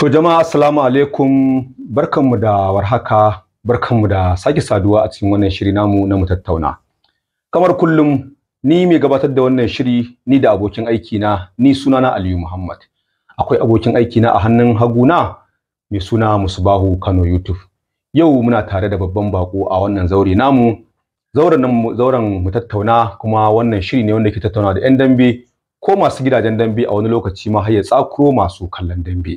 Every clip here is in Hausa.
To jama'a assalamu alaikum barkanmu da warhaka barkanmu da sake saduwa a cikin wannan shiri namu na mu tattauna. Kamar kullum ni mai gabatar da wannan shiri ni da abokin aiki na ni sunana Aliyu Muhammad. Akwai abokin aiki na a hannun haguna, mai suna Musbahu Kano YouTube. Yau muna tare da babban bako a wannan zaure namu. Zauren nan mu tattauna kuma wannan shiri ne wanda ke tattauna da 'yan dambe ko masu gidajen dambe a wani lokaci ma har ya tsakuro masu kallon dambe.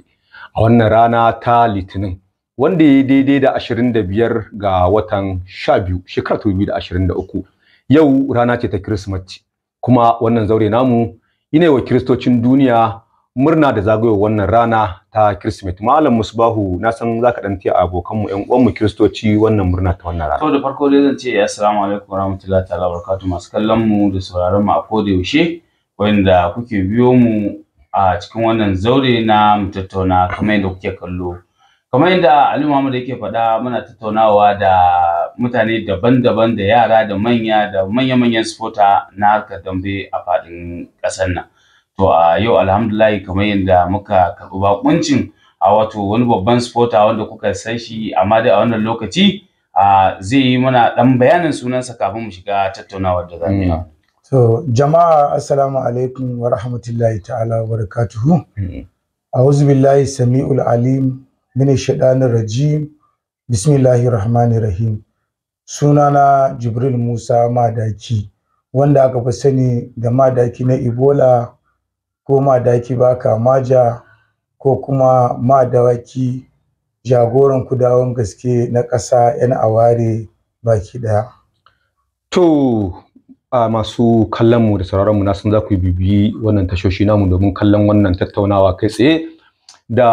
a wannan rana ta litinin wanda ya daidai da ashirin da biyar ga watan sha biyu shekara ta da da ashirin uku, yau rana ce ta kirismati kuma wannan zaure namu ina wa kiristocin duniya murna da zagayowar wannan rana ta kirismeti malam musbahu na san za ka dan tiya abokanmu yan uwanmu kiristoci wannan murna ta wannan rana da farko dai zan ce assalamu alaikum wa rahmatullahi ta'ala barakatuh masu kallon mu da sauraron mu a koda yaushe wanda kuke biyo mu a cikin wannan zaure na mu tattauna kamar yadda kuke kallo kamar yadda Ali Muhammad yake faɗa muna tattaunawa da mutane daban-daban da yara da manya da manya-manyan spota na harkar dambe a faɗin ƙasar nan to a yau alhamdulahi kamar yadda muka karɓi baƙuncin a wato wani babban spota wanda kuka san shi amma dai a wannan lokaci zai yi mana ɗan bayanin sunansa kafin mu shiga tattaunawar da mu yi mm. So, jama'a assalamu alaikum wa rahmatullahi ta'ala wa barakatuhu. Hmm. A'udhu billahi sami'ul alim minash shaitanir rajim. Bismillahir rahmanir rahim. Sunana Jibril Musa Madaki wanda aka fi sani da madaki na Ebola ko madaki baka maja ko kuma madawaki jagoran kudawan gaske na ƙasa 'yan aware baki ɗaya. To a masu kallon mu da sauraron mu na san za ku bibiyi wannan tashoshi namu domin kallon wannan tattaunawa kai tsaye da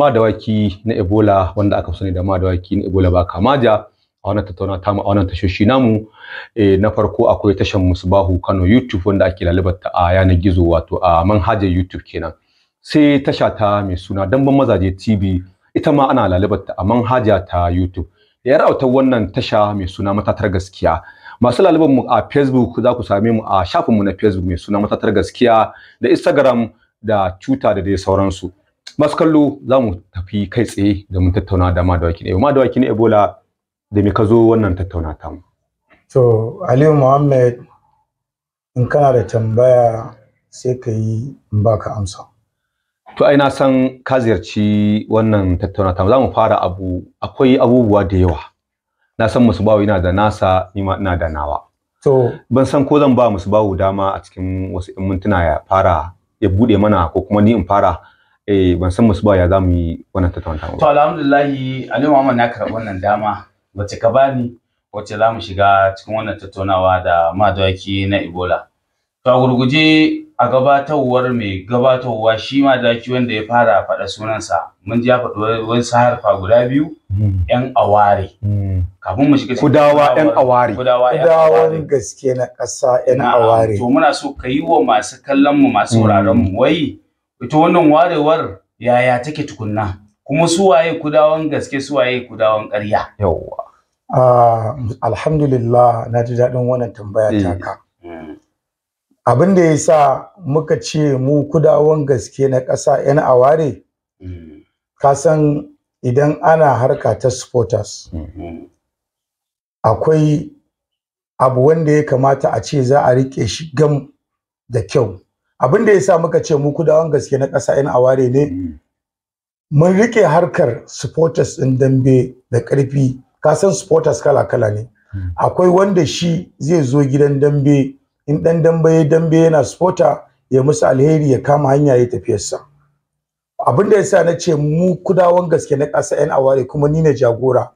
madawaki na Ebola wanda aka sani da madawaki na Ebola ba kamaja a wannan tattauna ta a wannan tashoshi namu e, na farko akwai tashar Musbahu Kano YouTube wanda ake lalibata a yanar gizo wato a manhajar YouTube kenan sai tasha ta mai suna Damban Mazaje TV ita ma ana lalubata a manhaja ta YouTube yar autar wannan tasha mai suna matatar gaskiya masu laliban mu a facebook za ku same mu a shafin mu na facebook mai suna matatar gaskiya da instagram da cuta da dai sauransu masu kallo za mu tafi kai tsaye da mun tattauna da madawaki ebola madawaki ne ebola da me ka zo wannan tattauna ta mu to aliyu muhammad in kana da tambaya sai ka yi in baka amsa to ai na san ka ziyarci wannan tattauna ta mu za mu fara abu akwai abubuwa da yawa na san musu musbahu yana da nasa nima ina da nawa so ban san ko zan ba musu musbahu dama a cikin wasu in mintuna ya fara ya bude mana ko kuma ni in fara eh ban san musu musbahu ya zamu yi wannan tattaunawa to alhamdulillah Ali Muhammad na karɓi wannan dama wace ka bani Wace za mu shiga cikin wannan tattaunawa da madawaki na Ebola to a gurguje a gabatarwar mai gabatarwa shi ma daki wanda ya fara faɗa sunansa mun ji ya faɗi wasu harfa guda biyu yan hmm. aware hmm. kafin mu shiga kudawa ɗan aware kudawan gaske na ƙasa ɗan aware to muna so ka yi wa masu kallon mu masu wuraren mm. mu wai ita wannan warewar yaya take tukunna kuma su waye kudawan gaske su waye kudawan ƙarya yawwa ah, alhamdulillah na ji daɗin wannan tambaya eh. taka mm. abin da ya sa muka ce mu kudawan gaske na ƙasa ɗan aware mm. ka san idan ana harka ta supporters mm -hmm. akwai abu wanda ya kamata a ce za a riƙe shi gam da kyau abin da ya sa muka ce mu kudawan gaske na ƙasa 'yan aware ne mm. mun riƙe harkar supporters ɗin dambe da ƙarfi ka san supporters kala-kala ne mm. akwai wanda shi zai zo gidan dambe in ɗan dambe ya dambe yana supporter ya musu alheri ya kama hanya ya tafiyarsa abin da ya sa na ce mu kudawan gaske na ƙasa 'yan aware kuma ni ne jagora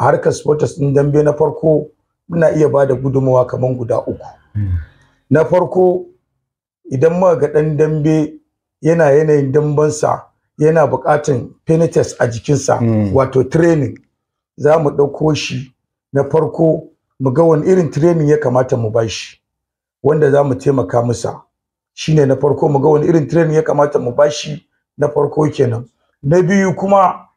a harkar sports din dambe na farko muna iya ba da gudunmawa kamar guda uku na farko idan muka ga ɗan dambe yana yanayin dambansa yana buƙatan penitence a jikinsa hmm. wato training za mu ɗauko shi na farko mu ga wani irin training ya kamata mu ba shi wanda za mu taimaka masa shine na farko mu ga wani irin training ya kamata mu ba shi na farko kenan na biyu kuma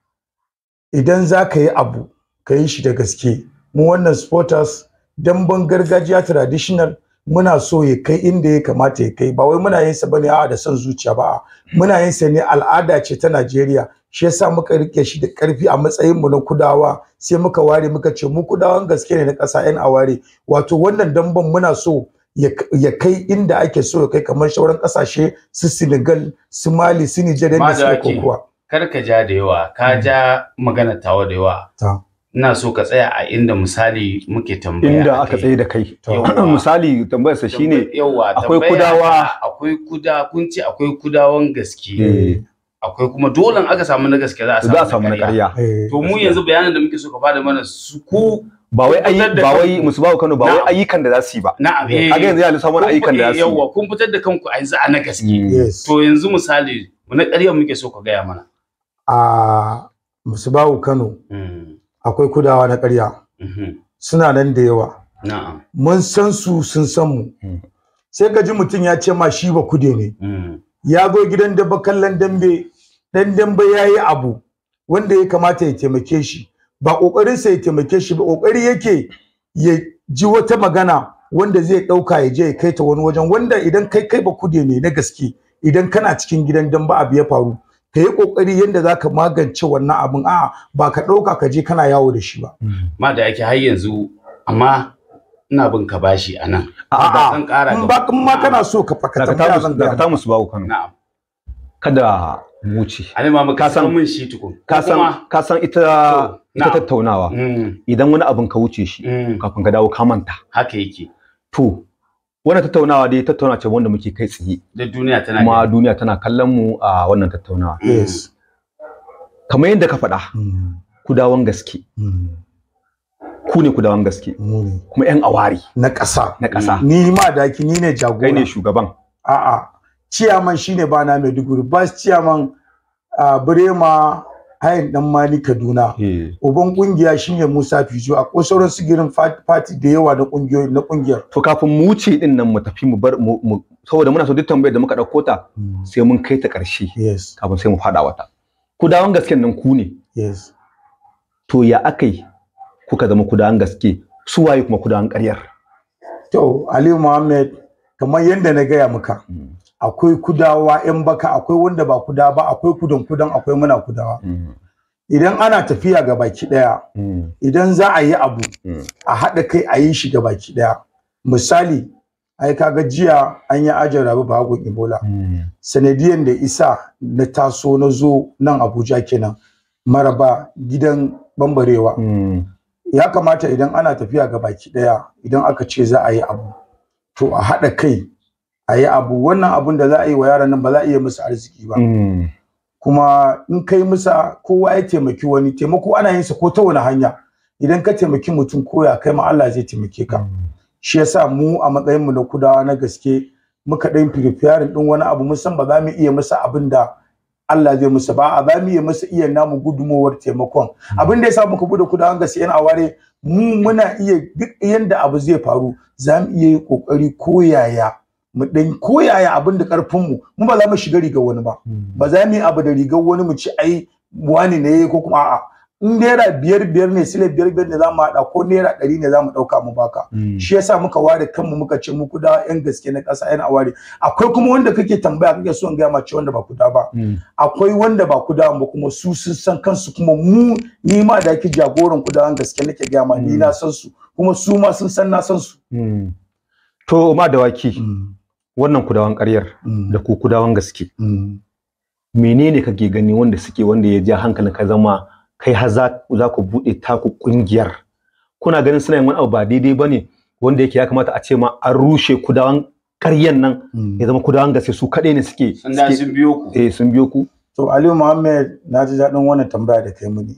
idan za ka yi abu ka yi shi da gaske mu wannan supporters damben gargajiya traditional muna so ya kai inda ya kamata ya kai ba wai muna yin sa bane a'a da son zuciya ba muna yin sa ne al'ada ce ta Najeriya shi yasa muka rike shi da karfi a matsayin mu na kudawa sai muka ware muka ce mu kudawan gaske ne na ƙasa yan aware wato wannan damben muna so ya kai inda ake so ya kai kamar sauran kasashe su Senegal su Mali su Niger da su kokowa kar ka ja da yawa ka mm. ja magana tawa da yawa ina so ka tsaya a inda misali muke tambaya inda aka tsaye da kai misali tambayar sa shine akwai kudawa akwai kuda kun ce akwai kudawan gaske eh. akwai kuma dole aka samu na gaske za a samu na ƙarya eh. to mu yanzu bayanan da muke so ka bada mana su ku ba wai ayi ba wai musu Kano ba wai ayyukan da za su yi ba na eh, a ga yanzu ya lissa mana ayyukan da za su yi yawa kun fitar da kanku a yanzu a na gaske mm. to yanzu misali na ƙarya muke so ka gaya mana a ah, musu Kano mm. akwai kudawa na ƙarya mhm. suna nan da yawa mun san su sun san mu hmm. sai ka ji mutum ya ce ma shi ba kude ne hmm. ya zo gidan da kallon dambe dan dambe ya yi abu wanda ya kamata ya taimake shi ba ƙoƙarinsa ya taimake shi ba ƙoƙari yake ya ji wata magana wanda zai ɗauka ya je ya kai ta wani wajen wanda idan kai kai ba kude ne na gaske idan kana cikin gidan dambe abu ya faru ka yi kokari yadda za ka magance wannan abin a ba ka ɗauka ka je kana yawo da shi ba. ma da yake har yanzu amma ina bin ka bashi anan. nan. a'a in ba ma kana so ka fakata ta zan ta musu bawo Kano. na'am kada wuce. ani ma ka san mun shi tukun. ka san ka san ita ita tattaunawa mm. idan wani abin ka wuce shi mm. kafin ka dawo ka manta. haka yake. to wannan tattaunawa dai tattaunawa ce wanda muke kai tsaye da duniya tana kuma duniya tana kallon mu a wannan tattaunawa yes kamar yadda ka faɗa mm. kudawan gaske mm. ku ne kudawan gaske kuma yan awari na ƙasa na ƙasa ni ma ki ni ne jagora kai ne shugaban a'a ciyaman shine bana Maiduguri ba ciyaman uh, Birema hayan dan mali kaduna eh. uban kungiya shine musa fijo a kosoron sigirin party da yawa na kungiyoyi na kungiyar to kafin mu wuce din nan mu tafi mu bar mu saboda muna so duk tambayar da muka dauko ta hmm. sai mun kai ta karshe kafin sai mu fada wata ku dawon gasken nan ku ne yes to ya akai kuka zama ku dawon gaske su waye kuma ku dawon ƙaryar to aliyu muhammad kamar yadda na gaya muka mm. akwai kudawa yan baka akwai wanda ba kuda ba akwai kudan kudan akwai muna kudawa mm-hmm. idan ana tafiya ga baki daya mm-hmm. idan za a yi abu mm-hmm. a haɗa kai a yi shi ga baki daya misali ai kaga jiya an yi ajin rabu ba hagun ebola sanadiyan da isa na taso na zo nan abuja kenan maraba gidan bambarewa ya kamata idan ana tafiya ga baki daya idan aka ce za a yi abu to a haɗa kai a yi abu wannan abun da za a yi wa yaran nan ba za a iya musu arziki ba hmm. kuma in kai musa kowa ya taimaki wani taimako ana yin sa ko ta wani hanya idan ka taimaki mutum koya kai ma Allah zai taimake ka hmm. shi yasa mu a matsayin mu na kudawa na gaske muka ɗan firfiyarin ɗin wani abu mun san ba za mu iya musa abin da Allah zai musu ba a za mu iya musu iya namu gudumowar taimakon hmm. abin da yasa muka bude kudawan gaske yan aware mu muna iya duk yanda abu zai faru za mu iya yi kokari yaya. mu dan koyaya abin da karfin mu mu ba za mu shiga rigar wani ba hmm. ba za mu yi abu da rigar wani mu ci ai wani ne ko kuma a'a in naira biyar biyar ne sile biyar biyar ne za mu haɗa ko naira ɗari ne za mu ɗauka mu baka hmm. shi yasa muka ware kanmu muka ce mu kuda yan gaske na ƙasa yan ware, akwai kuma wanda kake tambaya kake so in gaya ma ce wanda ba kuda ba hmm. akwai wanda ba kuda ba kuma su sun san kansu kuma mu ni ma da ki jagoran kuda yan gaske nake gaya ma ni na san su kuma su ma sun san na san su to ma da waki wannan kudawan ƙaryar mm. da ku kudawan gaske mm. menene kake gani wanda suke wanda ya ja hankali ka zama kai har za ku buɗe taku ƙungiyar kuna ganin suna yin wani abu ba daidai ba ne wanda yake ya kamata a ce ma an rushe kudawan ƙaryar nan mm. ya zama kudawan gaske su kaɗai ne suke sun biyo ku eh, sun biyo ku to Aliyu Muhammad na ji daɗin wannan tambaya da kai muni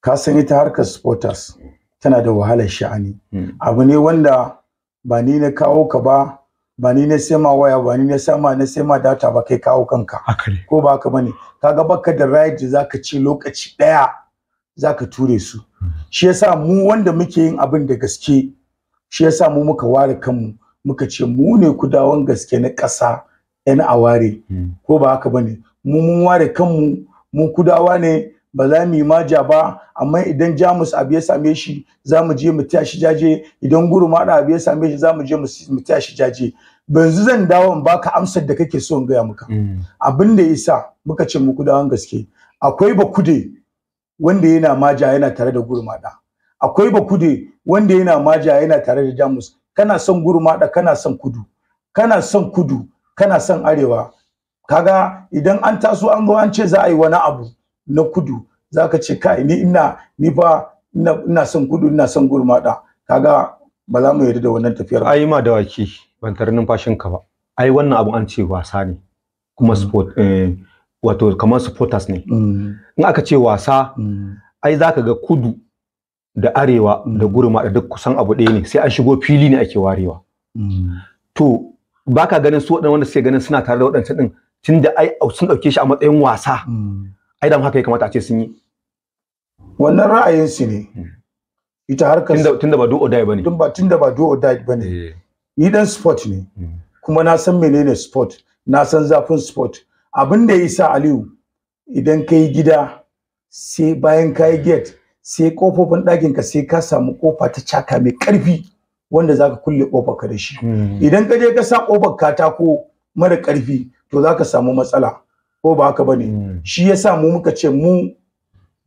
ka san ita harkar supporters tana da wahalar sha'ani abu ne wanda ba ni na kawo ka ba ba ni na sai ma waya ba ni na sai ma na sai ma data ba kai kawo kanka ko ba haka bane kaga baka da right zaka ci lokaci daya zaka ture su hmm. shi yasa mu wanda muke yin abin da gaske shi yasa mu muka ware kanmu muka ce mu ne kudawan gaske na ƙasa yan aware hmm. ko ba haka bane mu mun ware kanmu mu kudawa ne ba za mu yi maja ba amma idan jamus abu ya same shi za mu je mu taya jaje idan gurmada abu ya same shi za mu je mu taya jaje Banzu zan dawo in baka amsar da kake so in gaya maka mm. abin da yasa muka ce mu dawon gaske akwai bakude wanda yana maja yana tare da gurmada akwai bakude wanda yana maja yana tare da jamus kana son gurmada kana son kudu kana son kudu kana son arewa kaga idan an taso an zo an ce za a yi wani abu na kudu zaka ce kai ni ina ni fa ina ina son kudu ina son gurmada kaga ba za mu yarda da wannan tafiyar ai ma dawaki ban tar numfashin ka ba ai wannan abu an ce wasa ne kuma mm. sport eh, wato kamar supporters ne mm. in aka ce wasa mm. ai zaka ga kudu da arewa da gurmada duk kusan abu ɗaya ne sai an shigo fili ne ake warewa to baka ganin su waɗanda wanda suke ganin suna tare da waɗancan din tunda ai sun ɗauke shi a matsayin wasa ai dan haka ya kamata a ce sun yi wannan ra'ayin su ne hmm. ita harkar tunda tunda ba do or die bane tun ba tunda ba do or die bane eh. ni dan sport ne hmm. kuma na san menene sport na san zafin sport abin da yasa Aliyu idan kai gida sai bayan kai gate sai kofofin ɗakin ka sai ka samu kofa ta caka mai ƙarfi wanda zaka kulle kofar ka da shi hmm. idan ka je ka sa kofar katako mara ƙarfi to zaka samu matsala ko ba haka bane hmm. shi yasa mu muka ce mu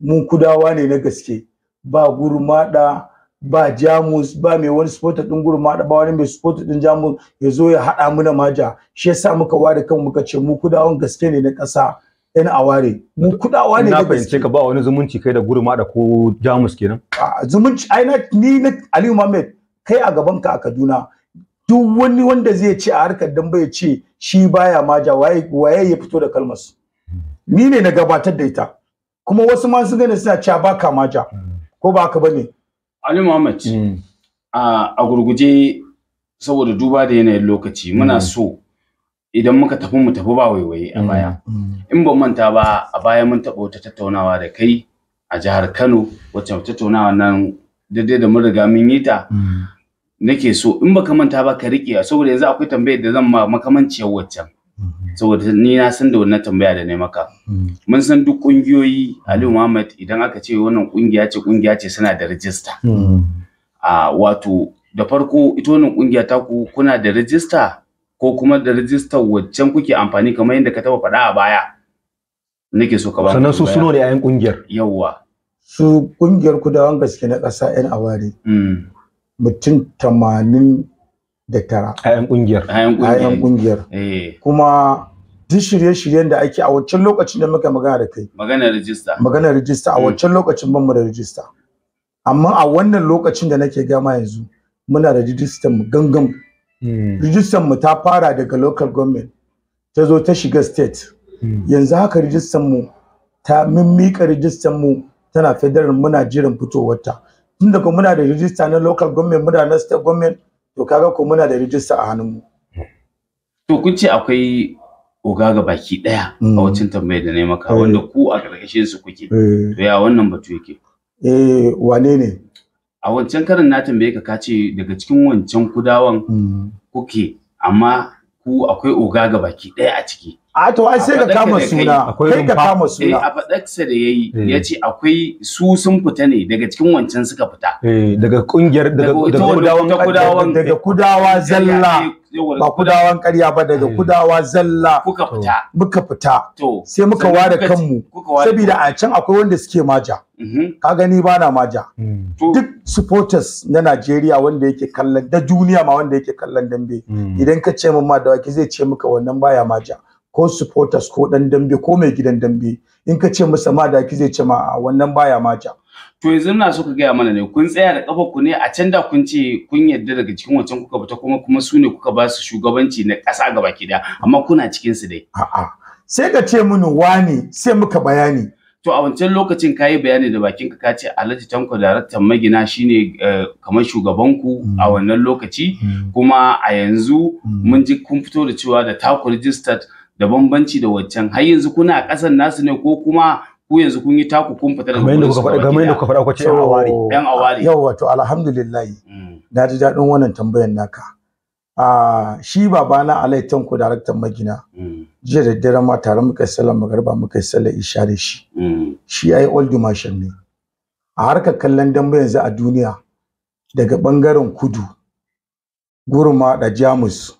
mu kudawa ne na gaske ba gurmada ba jamus ba mai wani supporter din gurmada ba wani mai supporter din jamus ya zo ya haɗa mu na maja shi yasa muka ware kan muka ce mu kudawan gaske ne na ƙasa yan aware mu kudawa ne na fahimce ka ba wani zumunci kai da gurmada ko jamus kenan zumunci ai na ni na Aliyu Muhammad kai a gaban ka a Kaduna duk wani wanda zai ce a harkar dambe ya ce shi baya maja waye waye ya fito da kalmar ni ne na gabatar da ita kuma wasu ma sun gane suna cewa baka maja ko ba ka bane Ali Muhammad mm. a gurguje saboda duba da yanayin lokaci muna mm. so idan muka tafi mu tafi ba waiwaye a mm. baya in ban manta ba a baya mun taɓa wata tattaunawa da kai a jihar Kano wacce tattaunawa nan daidai da mun riga mun yi ta nake so in baka manta ba ka riƙe saboda yanzu akwai tambayar da zan ma makamanciyar waccan mm-hmm. saboda ni na san da wannan tambaya da ne maka mm-hmm. mun san duk kungiyoyi mm-hmm. Aliyu Muhammad idan aka ce wannan kungiya ce kungiya ce suna da rijista a ah, wato da farko ita wannan kungiya ta ku kuna da rijista ko kuma da rijistar waccan kuke amfani kamar yadda ka taba faɗa a baya nake so ka ba sannan su suno ne a yan kungiyar yawwa su kungiyar kudawan gaske na ƙasa yan aware mm. mutum tamanin da tara. Ayan kungiyar. ƙungiyar. kungiyar. ƙungiyar. Eh. Kuma duk shirye-shiryen da ake a wancan lokacin da muka magana da kai. Magana rijista. Magana rijista a hmm. wancan lokacin ban mu da rijista. Amma a wannan lokacin da nake gama yanzu muna da rijistan mu gangan. Hmm. Rijistan mu ta fara daga local government ta zo ta shiga state. Hmm. Yanzu haka rijistan mu ta mimmika rijistan mu tana federal muna jiran fitowarta. tunda ko muna da rijista na local government muna na state government to kaga ko muna da rijista a hannunmu to kun ce akwai oga ga baki daya a mm. wancan tambayar da na maka eh. wanda ku a karkashin su kuke eh. to ya wannan batu yake eh wane ne a wancan karin na tambaye ka kace daga cikin wancan kudawan mm. kuke amma ku akwai oga ga baki daya a ciki a to ai sai ka kama suna kai ka kama suna a fadarsa da yayi hmm. yace akwai su sun fita ne daga cikin wancan suka fita eh, daga kungiyar daga kudawan daga eh, kudawa zalla eh, ba kudawan ƙarya ba daga hmm. kudawa zalla kuka fita muka fita sai muka ware kanmu saboda a can akwai wanda suke maja mm-hmm. ka gani ba na maja hmm. duk supporters na Najeriya wanda yake kallon da duniya ma wanda yake kallon dambe idan ka ce min ma da wake zai ce muka wannan baya maja ko supporters ko dan dambe ko mai gidan dambe in ka ce masa ma daki zai ce ma wannan baya ma ja to yanzu na so ka gaya mana ne kun tsaya da kafar ku ne a can da kun ce kun yarda daga cikin wancan kuka fita kuma kuma su ne kuka ba su shugabanci na ƙasa gaba ke daya amma kuna cikin su dai a'a sai ka ce mini wani sai muka bayani to a wancan lokacin kayi bayani da bakin ka ce Alhaji Tanko daraktan magina shine eh, kamar shugaban ku a mm. wannan lokaci mm. kuma a yanzu mm. mun ji kun fito da cewa da taku registered da bambanci da waccan har yanzu kuna a ƙasan nasu ne ko kuma ku yanzu kun yi taku kun fita daga gurin su kamar yadda kuka faɗa kwace yan awari yan awari yau wato alhamdulillah mm. na ji daɗin wannan tambayan naka a shi babana Alai Tanko daraktan magina mm. jiya da dare ma tare muka sallar magariba muka sallar isha da shi mm. shi ai old mashin ne a harkar kallon dambe yanzu a duniya daga ɓangaren kudu gurma da jamus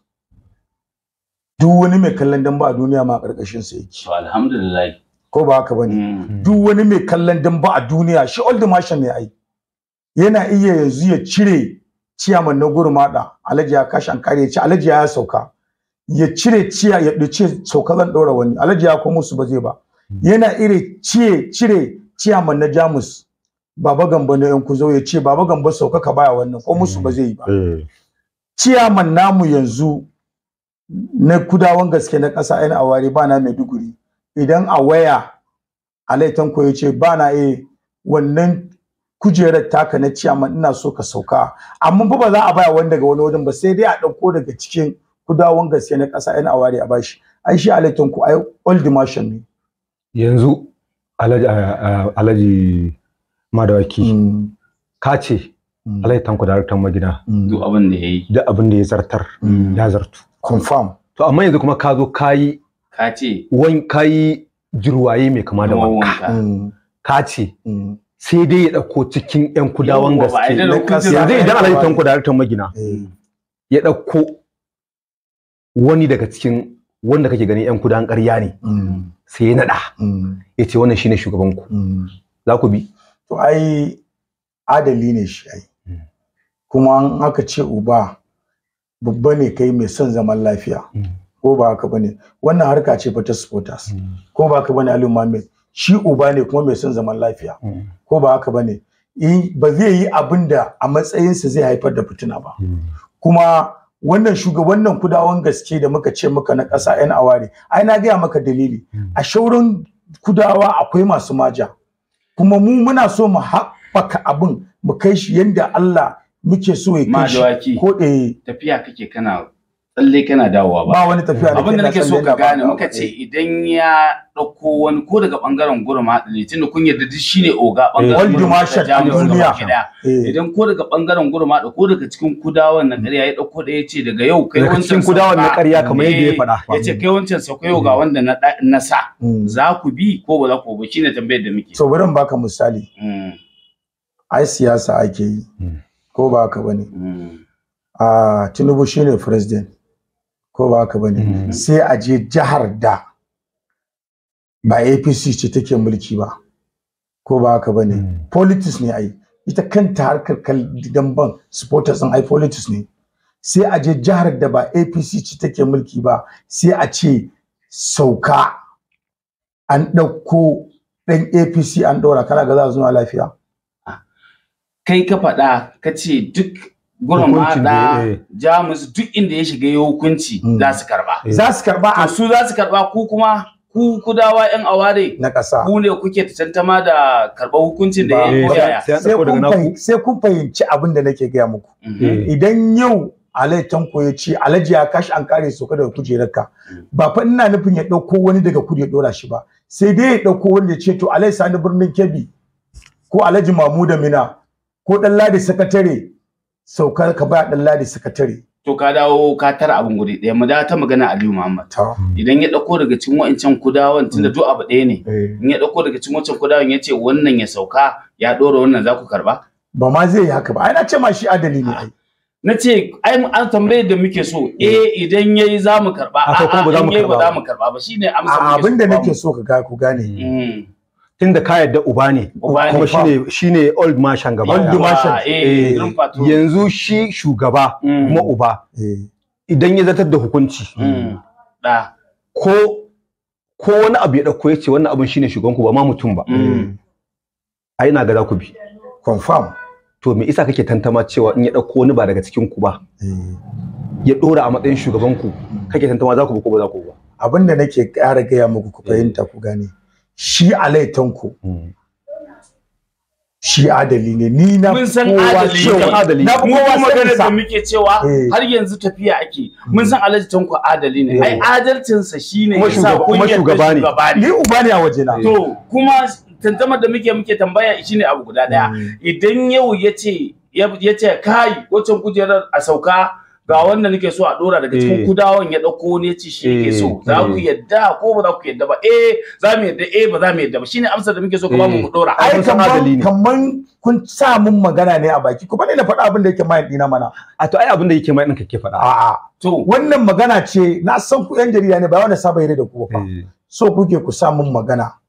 duk wani mai kallon damba a duniya ma karkashin sa yake to alhamdulillah ko ba haka bane mm. hmm. duk wani mai kallon damba a duniya shi old masha ne ai yana iya yanzu ya cire ciyaman na gurmada alhaji ya kashi an kare ya ci alhaji ya sauka ya cire ciya ya dace sauka zan dora wani alhaji ya komo su ba zai ba hmm. yana ire ciye cire ciyaman na jamus baba gamba na yan kuzo ya ce baba gamba sauka ka baya wannan ko musu ba hmm. zai yi ba eh. ciyaman namu yanzu na kudawan gaske na ƙasa ainihin a ware ba na maiduguri idan a waya a ko ya ce ba na e wannan kujerar taka na ciyaman ina so ka sauka amma fa ba za a baya wani daga wani wajen ba sai dai a ɗauko daga cikin kudawan gaske na ƙasa ainihin a ware a bashi ai shi alaitan ko ai old marshal ne yanzu alhaji madawaki mm. ka ce mm. alaitan ku daraktan magina mm. duk abin da ya yi duk abin da ya zartar ya zartu confirm to amma yanzu kuma ka zo ka yi ka ce wan ka yi jirwaye mai kama da wanka mm. ka ce mm. sai dai ya dauko cikin yan kudawan gaske yanzu idan alhaji tanko daraktan magina eh. ya dauko wani daga cikin wanda kake ganin yan kudan ƙarya ne mm. sai ya nada ya ce wannan shine shugaban ku za ku bi to ai adali ne shi ai kuma an aka ce uba babba ne kai mai son zaman lafiya mm. ko ba haka bane wannan harka ce fa ta supporters mm. ko ba haka bane Aliyu Muhammad shi uba ne kuma mai son zaman lafiya mm. ko ba haka bane eh, ba zai yi abin da a matsayinsa zai haifar da fitina ba kuma wannan shugaban wannan kudawan gaske da muka ce muka na ƙasa 'yan aware ai na gaya maka dalili a shaurin kudawa akwai masu maja kuma mu muna so mu haɓaka abin mu kai shi yadda Allah muke so ya kai shi ko eh tafiya kake kana tsalle kana dawowa ba ba wani tafiya abin da nake so ka gane muka ce eh. idan ya dauko wani ko daga bangaren gurma ne tunda kun yarda duk shine oga bangaren eh, gurma ta jamus duniya eh. idan ko daga bangaren gurma da ko daga cikin kudawan na ƙarya ya dauko da yace daga yau kai wancan cikin kudawan na ƙarya kamar yadda ya faɗa yace kai wancan sa kai ga hmm. wanda na na sa hmm. za ku bi ko ba za ku ba shine tambayar da muke so bari baka misali hmm. ai siyasa ake yi ko ba haka bane a tinubu shine president ko ba haka bane hmm. sai a je jihar da ba apc ce take mulki ba ko ba haka bane hmm. politics ne ai ita kanta harkar ban supporters din ai politics ne sai a je jihar da ba apc ce take mulki ba sai a ce sauka an ɗauko ɗan apc an ɗora kana ga za su lafiya kai ka faɗa ka ce duk gurin hada eh. jamus duk inda ya shiga ya hukunci mm. za su karba eh. za su karba a su za su karba ku kuma ku kudawa yan aware na ƙasa ku ne kuke tantama da karɓar hukuncin da ya yi eh. sai kun fahimci abin da nake gaya muku mm-hmm. idan yau Alai Tanko ya ce Alhaji ya kashi an kare soka daga ka, mm. ba fa ina nufin ya ɗauko wani daga kudu ya ɗora shi ba sai dai ya ɗauko wani ya ce to Alai Sani birnin Kebbi ko Alhaji Mamuda Mina ko dan ladi sakatare saukar ka ba dan ladi sakatare to ka dawo ka tara abin guri ɗaya mu ta magana Aliyu Muhammad idan ya dauko daga cikin wa'ancan kudawan tun da du'a ɗaya ne eh. in ya dauko daga cikin wancan kudawan ya ce wannan ya sauka ya dora wannan za ku karba ba ma zai yi haka ba ai na ce ma shi adali ne ai na ce ai an tambayar da muke so eh, eh idan yayi za mu karba a'a ba za mu karba ba shine amsa abin da nake so ka ga ku gane mm. tunda ka yadda uba ne kuma shine shine old mashan gaba eh, eh, old mashan yanzu shi shugaba mm. kuma uba eh. idan ya zartar da hukunci mm. da ko ko wani abu ya dauko yace wannan abin shine shugaban ku ba ma mutum ba mm. a ina ga za ku bi confirm to me isa kake tantama cewa in ya dauko wani ba daga cikin ku ba ya dora a matsayin shugaban ku kake tantama za ku bi ko ba za ku ba abinda nake ƙara gaya muku ku fahimta ku gane shi alaitanku shi adali ne ni na mun san adali na kowa magana da muke cewa eh. har yanzu tafiya ake mun san alhaji tanko adali ne ai eh. sa shine yasa kuma shugaba ne ni uba ne a waje na to kuma tantamar da muke muke tambaya shine abu guda daya hmm. idan yau yace yace kai wacce kujerar a sauka ga wannan nake so a dora daga cikin eh. kudawan ya dauko ne ci shi yake so eh. za ku eh. yadda ko ba za ku yadda ba eh za mu yadda eh ba za mu yadda ba shine amsar da muke so kuma mu dora ai kamar kaman kun sa mun magana ne a baki kuma ne na faɗa abin da yake mai dina mana a to ai abin da yake mai din kake faɗa a'a to wannan magana ce na san ku yan jarida ne ba wanda saba yare da ku ba so kuke ku sa mun magana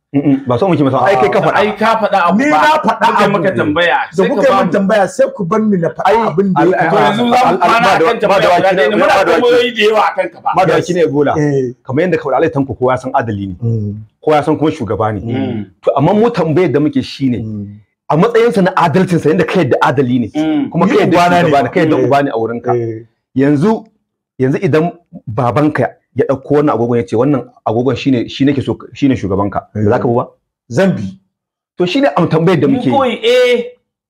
ba so muke masa ai kai ka faɗa ai ka faɗa abu ni na faɗa abu maka tambaya da kuka yi min tambaya sai ku bar ni na faɗa abin da ya to yanzu za mu fara kan tambaya da ne muna tambayoyi da yawa akan ka ba ma da waki ne bola kamar yadda kawai alai tanku kowa san adali ne kowa san kuma shugaba ne to amma mu tambayar da muke shine a matsayinsa na adalcinsa yadda kai da adali ne kuma kai da uba ne kai da uba ne a wurinka yanzu yanzu idan babanka ya ɗauko wannan agogon ya ce wannan agogon shine shine ke so shine shugabanka za ka ba zan bi to shine am tambayar da muke yi eh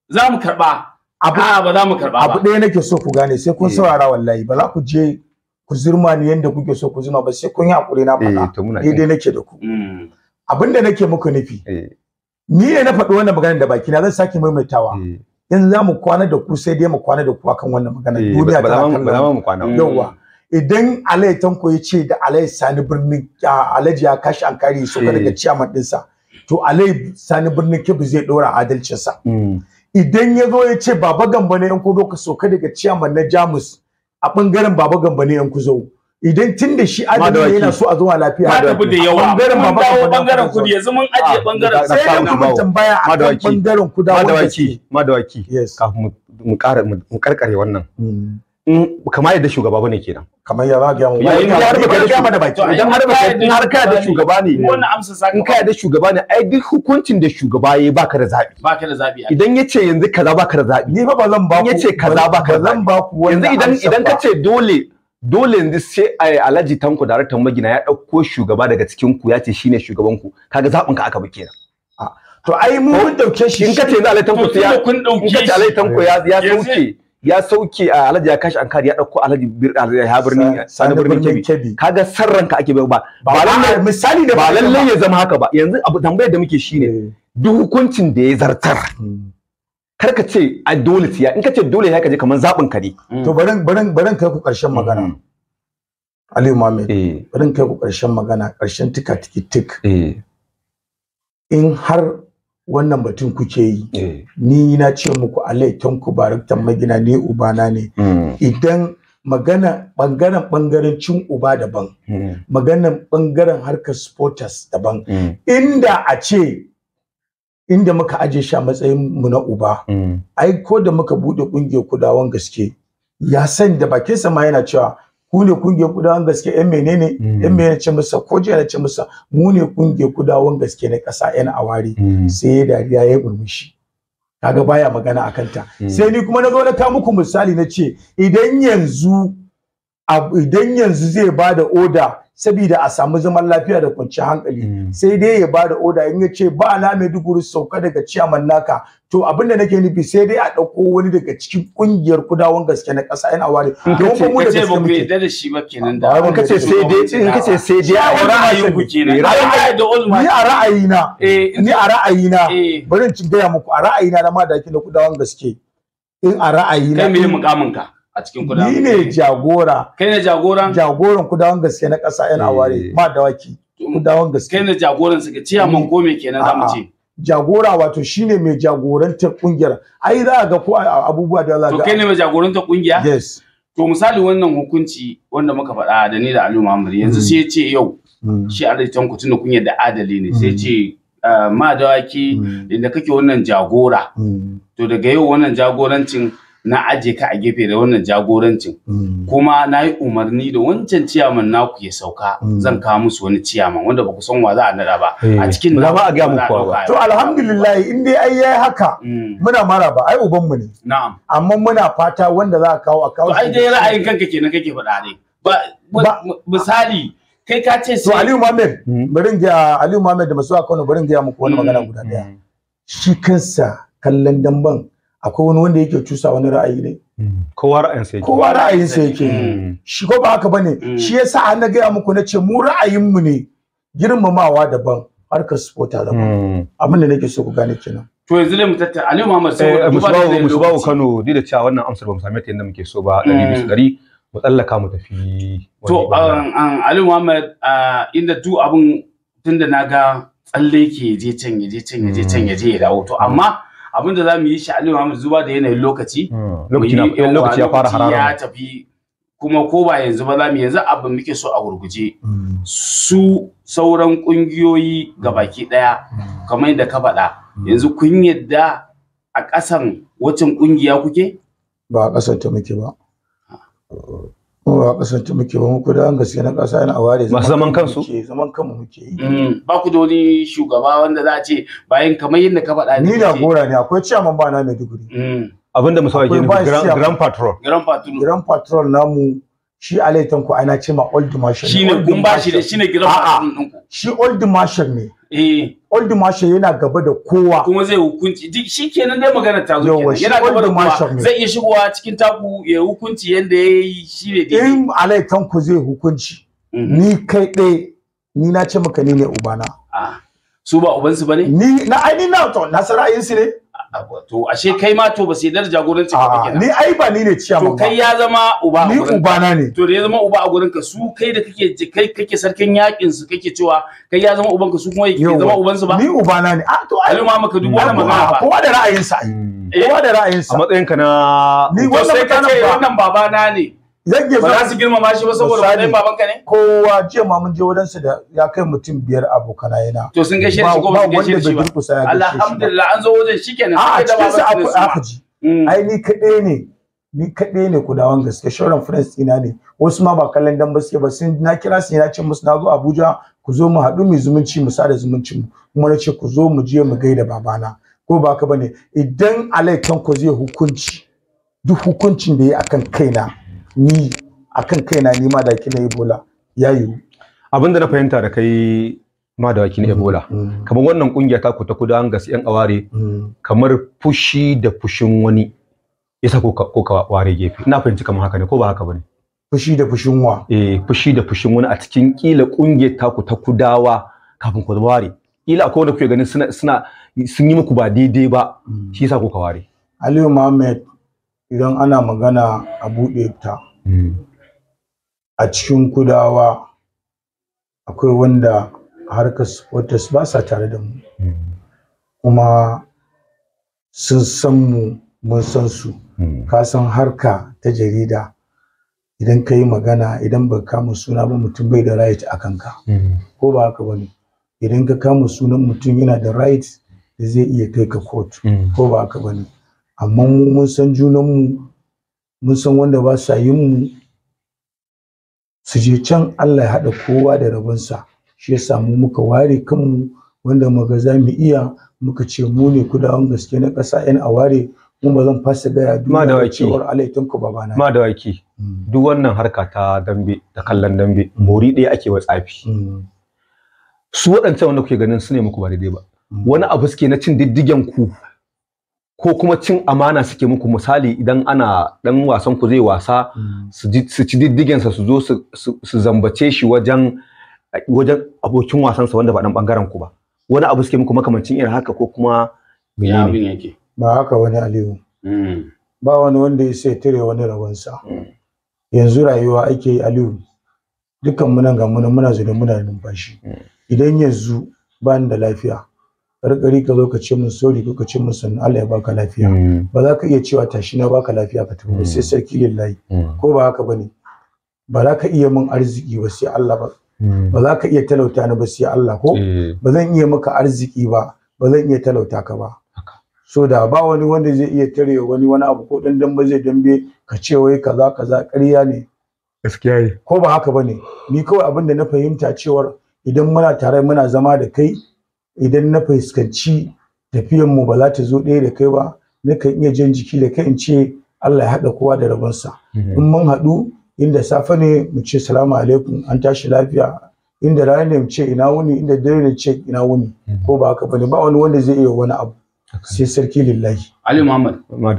za mu karba abu ba za mu karba abu ɗaya nake so ku gane sai kun eh. saurara wallahi ba za ku je ku zurma ni yanda kuke so ku zuma ba sai kun yi hakuri na faɗa eh, daidai nake da ku mm. abinda nake muku nufi eh. ni ne na faɗi wannan maganar da baki na zan sake maimaitawa yanzu za mu kwana da ku sai dai mu kwana da ku akan wannan magana duniya ta kallon yawa idan alai tanko ya ce da alai sani birnin alhaji ya kashi an kare su daga eh. ciyaman dinsa to alai sani birnin kibu zai dora adalcinsa hmm. idan ya zo ya ce baba gamba ne yan kuzo ka soka daga ciyaman na jamus a bangaren baba gamba ne yan kuzo idan tun da shi adalci yana so a zuwa lafiya ka tafi da yawa bangaren baba dawo bangaren kudi yanzu mun ah, aje bangaren sai da mun tambaya a bangaren kudi madawaki madawaki kafin mu karkare wannan hmm. kamar yadda shugaba bane kenan kamar ya gyan mu ya ina har baka da baki idan har baka in har ka da shugaba ne wannan amsa saka in ka da shugaba ne ai duk hukuncin da shugaba yayi baka da zabi baka da zabi idan yace yanzu kaza baka da zabi ni fa ba zan ba ku yace kaza baka da zan ba ku yanzu idan idan kace dole dole yanzu sai ai Alhaji Tanko daraktan magina ya dauko shugaba daga cikin ku yace shine shugaban ku kaga zabin ka aka bi kenan to ai mu mun dauke shi in kace yanzu Alhaji Tanko ya in kace Alhaji Tanko ya ya sauke ya sauke a alhaji ya kashi ankari ya dauko alhaji ya birni sani birnin kebi kaga sarranka ake bai ba ba lallai misali da ba lallai ya zama haka ba yanzu abu tambayar da muke shine eh. duk hukuncin da ya zartar hmm. kar ka ce a dole tiya in ka ce dole ya kaje kamar zabin ka ne to barin barin barin kai ku karshen magana hmm. Aliyu Muhammad eh. barin kai ku karshen magana karshen tika tiki tik eh. in har wannan batun kuke yi eh. ni na ce muku alai tanku baraktan magina ne ubana ne hmm. idan magana bangaren cin uba daban hmm. maganan bangaren harkar supporters daban hmm. inda a ce inda muka aje shi a matsayin mu na uba ai ko da muka bude kungiyar kudawan gaske ya san da sa ma yana cewa ku ne kungiyar kudawan gaske yan menene yan mm. menene ce musa ko jiya na ce musa mu ne kungiyar kudawan gaske na kasa yan awari mm. sai ya dariya ya murmushi kaga baya magana akan ta mm. sai ni kuma na zo na ta muku misali na ce idan yanzu idan yanzu zai bada oda Sabida a samu zaman lafiya da kwanciyar hankali hmm. sai dai ya bada oda in ya ce ba na duburu sauka daga ciyaman naka to abin da nake nufi sai dai a ɗauko wani daga cikin ƙungiyar kudawan gaske na ƙasa yana ware don ba mu da gaske muke da shi ba kenan da in kace sai dai in kace sai dai a ra'ayin ku kenan ni a ra'ayina eh. ni a ra'ayina eh. bari in gaya muku a ra'ayina na ma da kudawan gaske in a ra'ayina kai me mukamin ka cikin kudawan ni ne jagora kai ne jagoran jagoran kudawan gaske na ƙasa yana ware ma eh. waki. kudawan gaske kai ne jagoran suka ciya man gome eh. kenan mu ce jagora wato shine mai jagorantar kungiyar ai za ga ko abubuwa da Allah. to kai ne mai jagorantar kungiya yes to misali wannan hukunci wanda muka faɗa da ni da Aliyu Muhammad yanzu mm. sai ya ce yau mm. shi arzikin ku tunda kunya da adali ne sai mm. ce ah, ma dawaki inda kake wannan jagora to daga yau wannan jagorancin na aje ka a gefe da wannan jagorancin mm. kuma na yi umarni da wancan ciyaman naku ya sauka mm. zan kawo musu wani ciyaman wanda ba ku san wa za a nada ba a eh, cikin na ba a ga muku ba to alhamdulillah in dai ai yayi haka mm. muna ba, ai uban mu ne na'am amma muna fata wanda za a kawo a kawo to ai dai ra'ayin kanka kenan kake faɗa ne ba misali kai ka ce sai to Aliyu Muhammad bari ga Aliyu Muhammad da masu akawun bari ga muku wani magana guda daya shi kansa kallon damban akwai wani wanda yake cusa wani ra'ayi ne hmm. kowa ra'ayinsa yake kowa ra'ayinsa hmm. yake shi ko ba haka bane hmm. shi yasa an na gaya muku na ce mu ra'ayinmu ne girmamawa daban harkar spota daban abin da nake so ku gane kenan to yanzu ne mu tattara Ali Muhammad sai eh, mu bawo Kano ni da cewa wannan amsar ba mu same ta yanda muke so ba 100 dari. mu tsallaka mu tafi to um, um, Ali Muhammad uh, inda duk abin tunda naga tsalle ke je can ya je can ya je can ya je ya dawo to amma Abinda za mu yi shi Aliyu Muhammad zuba da yanayin lokaci hmm, lokaci ya fara harara ya tafi kuma ko ba yanzu ba za mu yanzu abin muke so a gurguje hmm. su sauran kungiyoyi ga baki daya hmm. kamar yadda ka faɗa yanzu kun yadda a ƙasan wacin kungiya kuke ba a ƙasar ta muke ba kuma ba kasance muke ba mu kudan gaske na kasa yana aware zaman kansu zaman kanmu muke yi mm, ba ku da wani shugaba wanda za a ce bayan kamar yadda ka faɗa ni da gora ne akwai ciyaman ba na Maiduguri abinda musawa ke grand patrol grand patrol grand patrol namu shi alaitan ku ana ce ma old marshal shine kun ba shi da shine grand patrol shi old marshal ne Eh. old mashin yana gaba da kowa kuma zai hukunci shi kenan dai magana ta zo kenan yana gaba da kowa zai iya shigowa cikin taku ya hukunci yanda ya yi shi ne dai in alaikan ku zai hukunci mhm. ni kai dai ni na ce maka ni ne ubana ah. su ba ubansu ba ne ni na ai ni na to nasara yin su ne to ashe kai ma to ba sai dar jagoranci ka kenan ni ai ba ni ne ciyaman to kai ya zama uba ni uba na ne to da ya zama uba a gurin ka su kai da kake kai kake sarkin yakin su kake cewa kai ya zama uban ka su kuma yake zama uban su ba ni uba na ne a to ai ma maka duk wani magana ba kowa da ra'ayinsa ai mm. kowa da eh. ra'ayinsa. a matsayin na ni wannan wannan na ne yake iya ba su girmama shi ba saboda wannan baban ka ne kowa jiya ma mun je wajen su da ya kai mutum biyar abokana yana to sun gaishe shi ko ba gaishe shi ba alhamdulillah an zo wajen shikenan sai da baban su aka ji mm. ai ni kaɗai ne ni kaɗai ne kudawan gaske shauran friends ina ne wasu ma ba kallon dan baske ba sun na kira su na ce musu na zo Abuja ku zo mu haɗu mu zumunci mu sada zumunci mu kuma na ce ku zo mu je mu gaida babana ko ba ka bane idan alaikan ku zai hukunci duk hukuncin da ya akan kaina ni akan kaina ni ma da Ebola ya yi abinda na fahimta da kai ma da Ebola mm, mm. kamar wannan kungiya ta ku ta kudu an gasi yan aware mm. kamar fushi da fushin wani yasa ko ka ware gefe ina fahimci kamar haka ne ko ba haka bane fushi da fushin wa eh fushi da fushin wani a cikin kila kungiyar ta ku ta kudawa kafin ku ware kila akwai wanda kuke ganin suna suna sun yi muku ba daidai ba shi yasa ko ka ware Aliyu Muhammad idan ana magana a buɗe ta hmm. a cikin kudawa akwai wanda harkar supporters ba sa tare da mu hmm. kuma sun san mu mun san su hmm. ka san harka ta jarida idan ka yi magana idan ba kama suna ba mutum bai da right a kanka ko ba haka ba ne idan ka kama sunan mutum yana da right da zai iya kai ka court ko ba haka ba ne amma mun san junanmu mun san wanda ba sa yin mu su je can Allah ya haɗa kowa da rabonsa shi ya samu muka ware kanmu wanda muka za mu iya muka ce mu ne kudawan gaske na ƙasa a aware mu ba zan fasa ya duniya da cewar alaitin ku babana ma da waki mm. duk wannan harka ta dambe ta kallon dambe mori mm. ɗaya ake wa tsafi mm. su waɗancan wanda kuke ganin su ne muku ba daidai ba wani abu suke na cin diddigen ku ko kuma cin amana suke muku misali idan ana dan wasan ku zai wasa mm. su ci sa su zo su zambace shi wajen wajen abokin wasansa wanda ba dan bangaren ku ba wani abu suke muku makamancin irin haka ko kuma ya ne yake ba haka wani aliyu mm. ba wani wanda ya sai tare wani rabonsa mm. yanzu rayuwa ake aliyu dukkan munan ga munan muna zo muna numfashi idan yanzu ba ni da lafiya karkari ka zo ka ce mun sori ko ka ce mun sannan Allah ya baka lafiya mm. ba za ka iya cewa tashi na baka lafiya ka tafi sai mm. sarki lillahi mm. ko ba haka bane ba za ka iya mun arziki ba sai Allah ba ba za ka iya talauta ni ba sai Allah ko eh. ba zan iya maka arziki ba ba zan iya talauta ka ba so da ba wani wanda zai iya tare wani wani abu ko dan dan ba zai dambe ka ce wai kaza kaza ƙarya ne gaskiya ko ba haka bane ni kawai abin da na fahimta cewar idan muna tare muna zama da kai idan na fuskanci tafiyanmu ba za ta zo ɗaya da kai ba nakan iya jan jiki da kai in ce Allah ya haɗa kowa da rabonsa mhm. in mun haɗu inda safe ne mu ce salamu alaikum an tashi lafiya inda rana ne mu ce ina wuni inda dare ne ce ina wuni mhm. ko ba haka bane ba wani wanda zai iya wani abu sai sarki lillahi Ali Muhammad ma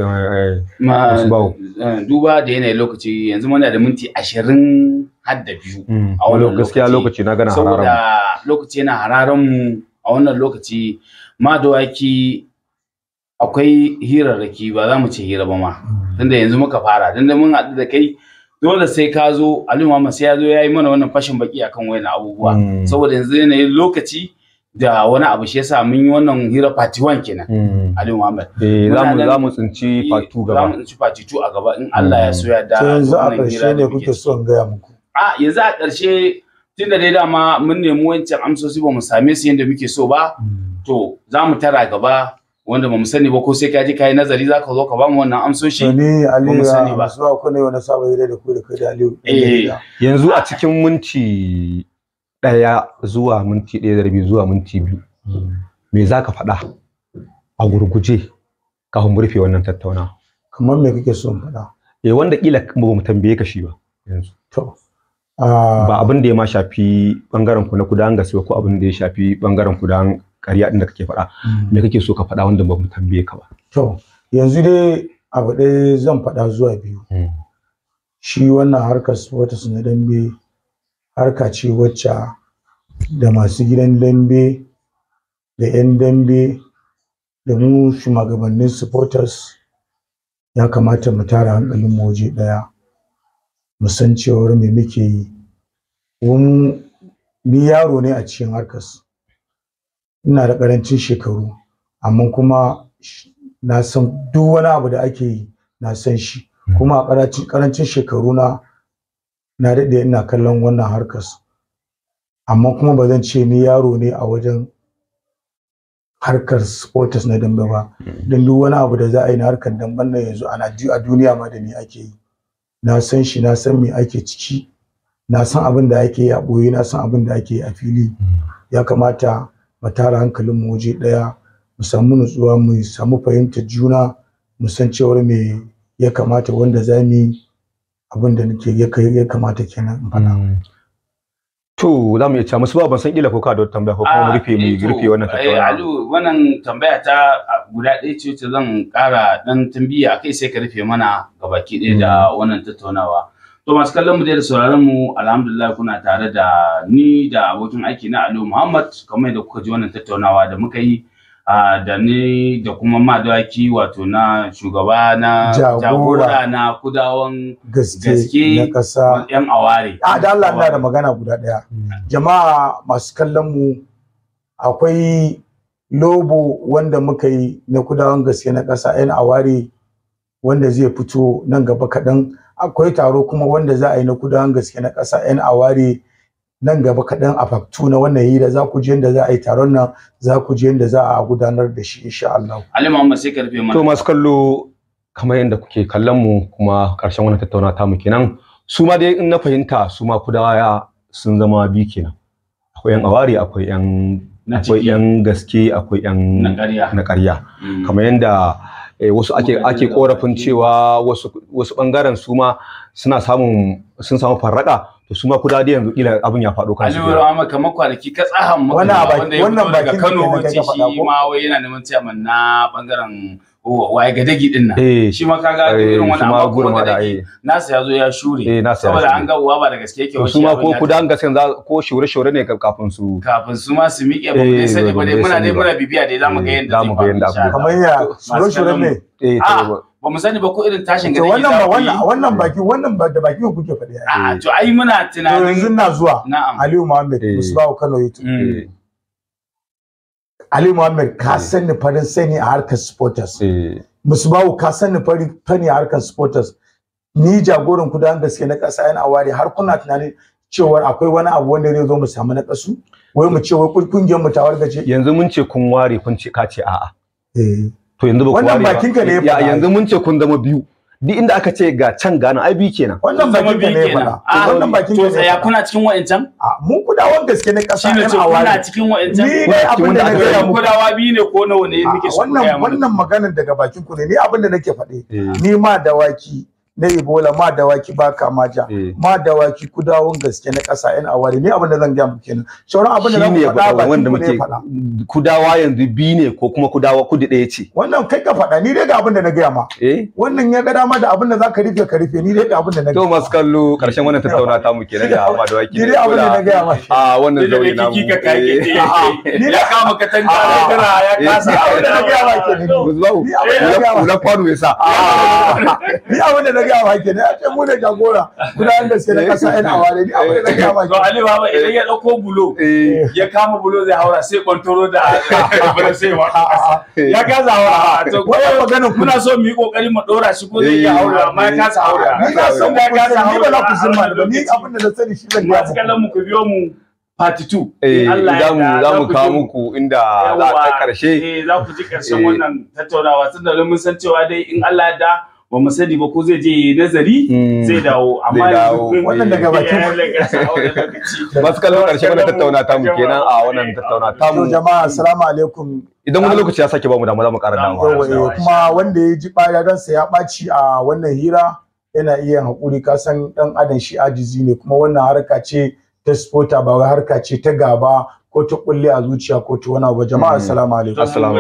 eh, duba da yanayin lokaci yanzu muna da minti ashirin har da biyu mm. a wani lokaci gaskiya lokaci na gana hararan saboda lokaci yana hararan mu a wannan lokaci ma dawaki akwai hirarraki ba za mu ce hira ba ma hmm. tunda yanzu muka fara tunda mun haɗu da kai dole sai ka zo Muhammad sai ya zo ya yi mana wannan fashin baki akan wayan abubuwa hmm. saboda yanzu yanayin lokaci da wani abu shi yasa mun yi wannan hira part 1 kenan hmm. Ali Muhammad eh, za mu za mu tsinci eh, part 2 gaba za mu tsinci part 2 a gaba in Allah ya so ya da yanzu a ƙarshe ne kuke son gaya muku a yanzu a ƙarshe tunda dai dama mun nemi wancan amsoshi ba mu same su yadda muke so ba hmm. to za mu tara gaba wanda ba mu sani ba ko sai ka ji kai nazari za ka zo ka ba mu wannan amsoshi ba Aliyu sani ba zuwa ku ne wani sabon hira da ku da kai da Aliyu eh. yanzu a cikin minti daya zuwa minti ɗaya da rabi zuwa minti biyu me za ka faɗa a gurguje kafin murfe wannan tattaunawa kamar me kake so mu faɗa eh wanda kila ba mu tambaye ka shi ba yanzu to Ah. ba abin da ya ma shafi bangaren ku na kudan gaske ko abin da ya shafi bangaren dan ƙarya din da kake faɗa hmm. me kake so ka faɗa wanda ba mu tambaye ka ba to yanzu dai abu dai zan faɗa zuwa biyu hmm. shi wannan harkar wata na dambe harka ce wacce da masu gidan dambe da 'yan dambe da mu shugabannin supporters ya kamata mu tara hankalin mu waje ɗaya mu san cewar me muke yi ni yaro ne a cikin harkar ina da ƙarancin shekaru amma kuma na san duk wani abu da ake yi na san shi kuma a ƙarancin shekaru na na daɗe ina kallon wannan harkar amma kuma ba zan ce ni yaro ne a wajen harkar sports na dambe ba don duk wani abu da za a yi na harkar dambe nan yanzu a duniya ma da ni ake yi na san shi na san me ake ciki na san abin da ake a boye na san abin da ake a fili ya kamata mu tara hankalin mu waje daya mu samu nutsuwa mu samu fahimtar juna mu san cewar me ya kamata wanda za abin da nake ya kamata kenan in faɗa. Mm. To za mu iya cewa musu ba ban san kila ko ka da tambaya ko kuma ah, rufe mu eh rufe wannan eh, tattaunawa. Alu wannan tambaya ta guda ɗaya ce wacce zan ƙara dan tambiya kai sai ka rufe mana gabaki ɗaya da mm. wannan tattaunawa. To masu kallon mu da sauraron mu alhamdulillah kuna tare da ni da abokin aiki na Aliyu Muhammad kamar da kuka ji wannan tattaunawa da muka yi da ni da kuma madawaki wato na shugaba na jagora na kudawan gaske na kasa yan aware. A da Allah na da magana guda ɗaya. Jama'a masu kallon mu akwai lobo wanda muka yi na kudawan gaske na kasa yan aware wanda zai fito nan gaba kaɗan akwai taro kuma wanda za a yi na kudan gaske na ƙasa yan aware nan gaba kaɗan a faktu na wannan hira za ku je yadda za a yi taron nan za ku je yadda za a gudanar da shi insha Allah. Ali Muhammad sai karfe mana. To masu kallo kamar yadda kuke kallon mu kuma ƙarshen wannan tattauna ta mu kenan su ma dai in na fahimta su ma kudawa sun zama biyu kenan akwai yan aware akwai yan akwai yan gaske akwai yan na ƙarya mm. kamar yadda Eh, wasu ake ake korafin cewa wasu wasu bangaren su ma suna samun sun samu farraka to su ma kuda da yanzu kila abin ya faɗo kansu Aliyu Rahama kamar kwanaki ka tsahan maka wanda ya fito daga Kano wuce shi ma wai yana neman ciyaman na bangaren waye ga dagi din nan eh, shi ma kaga irin eh, wannan amma kuma da dagi eh. nasa ya zo ya shure saboda an ga uwa ba da gaske yake wasu ma ko kudan gaske za ko shure shure ne kafin su kafin su ma su miƙe ba dai sani ba dai muna dai muna bibiya dai zamu ga yanda zamu ga yanda kamar ya shure shure ne eh ah, ba mu sani ba ko irin tashin gari wannan ba wannan wannan baki wannan ba da baki ku kuke faɗi a to ai muna tunanin yanzu na zuwa na'am Aliyu Muhammad Musbahu Kano YouTube mm. Ali Muhammad ka eh. sani farin sani a harkar supporters. Eh. Musbawu ka sani farin sani a harkar supporters. Ni jagoran kudan gaske na ƙasa yana ware. har kuna tunanin cewar akwai wani abu wanda ne zo mu samu na ƙasu. Wai mu ce wai kungiyar mu ta wargaje. Yanzu mun ce kun ware kun ce ka ce a'a. Eh. To yanzu ba ku ware ba. Wannan bakinka ne ya Yanzu mun ce kun zama biyu. duk inda aka ce ga can gana ai bi kenan wannan bakin ka ne fada ah, wannan bakin ka ne ya kuna cikin wa'ancan mun kudawa gaske ne kasa ne a wani kuna cikin wa'ancan ni ne abin da nake mu kudawa bi ne ko nawa ne nake so wannan wannan maganar daga bakin ku ne ni abin da nake faɗe eh. ni ma dawaki na ibola ma dawaki ba kama ja ma dawaki ku dawon gaske na ƙasa yan awari ni abin da zan ga muke nan shauran abin da zan faɗa ba wanda muke ku dawa yanzu bi ne ko kuma ku dawa kudi ɗaya ce wannan kai ka faɗa ni dai ga abin da na gaya ma wannan ya ga dama da abin da zaka rufe ka rufe ni dai ga abin da na gaya to masu kallo karshen wannan tattauna ta muke na da ma dawaki ni dai abin da na gaya ma a wannan zauri na mu ni da ka tanka tanta kana ya kasa abin da na gaya ma kenan ni abin da na gaya ma ni abin da na na ga ba kenan a ce mu ne jagora gudanar da sai na kasa yan aware ni abin ne na ga ba to ali baba idan ya dauko bulo eh. ya kama bulo zai haura sai kwantoro da bala sai wa eh. ya kasa haura to ko ya magana kuna so mu yi kokari mu dora shi ko zai iya eh. haura amma ya kasa haura ni na so ya kasa haura ni ba za ku zimma ba ni abin da na sani shi zan ga kallon mu ku biyo mu part 2 eh za mu kawo muku inda za ta karshe eh za ku ji karshen wannan tattaunawa tunda mun san cewa dai in Allah ya da ba mu sani ba ko zai je nazari hmm. zai dawo amma wannan daga bakin su kallon karshe wannan tattauna ta mu kenan a wannan tattauna ta mu jama'a assalamu alaikum idan wani lokaci ya sake ba mu damu za mu ƙara damuwa eh, kuma wanda ya ji ya don sa ya ɓaci a wannan hira yana iya haƙuri ka san ɗan adam shi ajizi ne kuma wannan harka ce ta spota ba harka ce ta gaba ko ta kulle a zuciya ko ta wani abu jama'a hmm. assalamu alaikum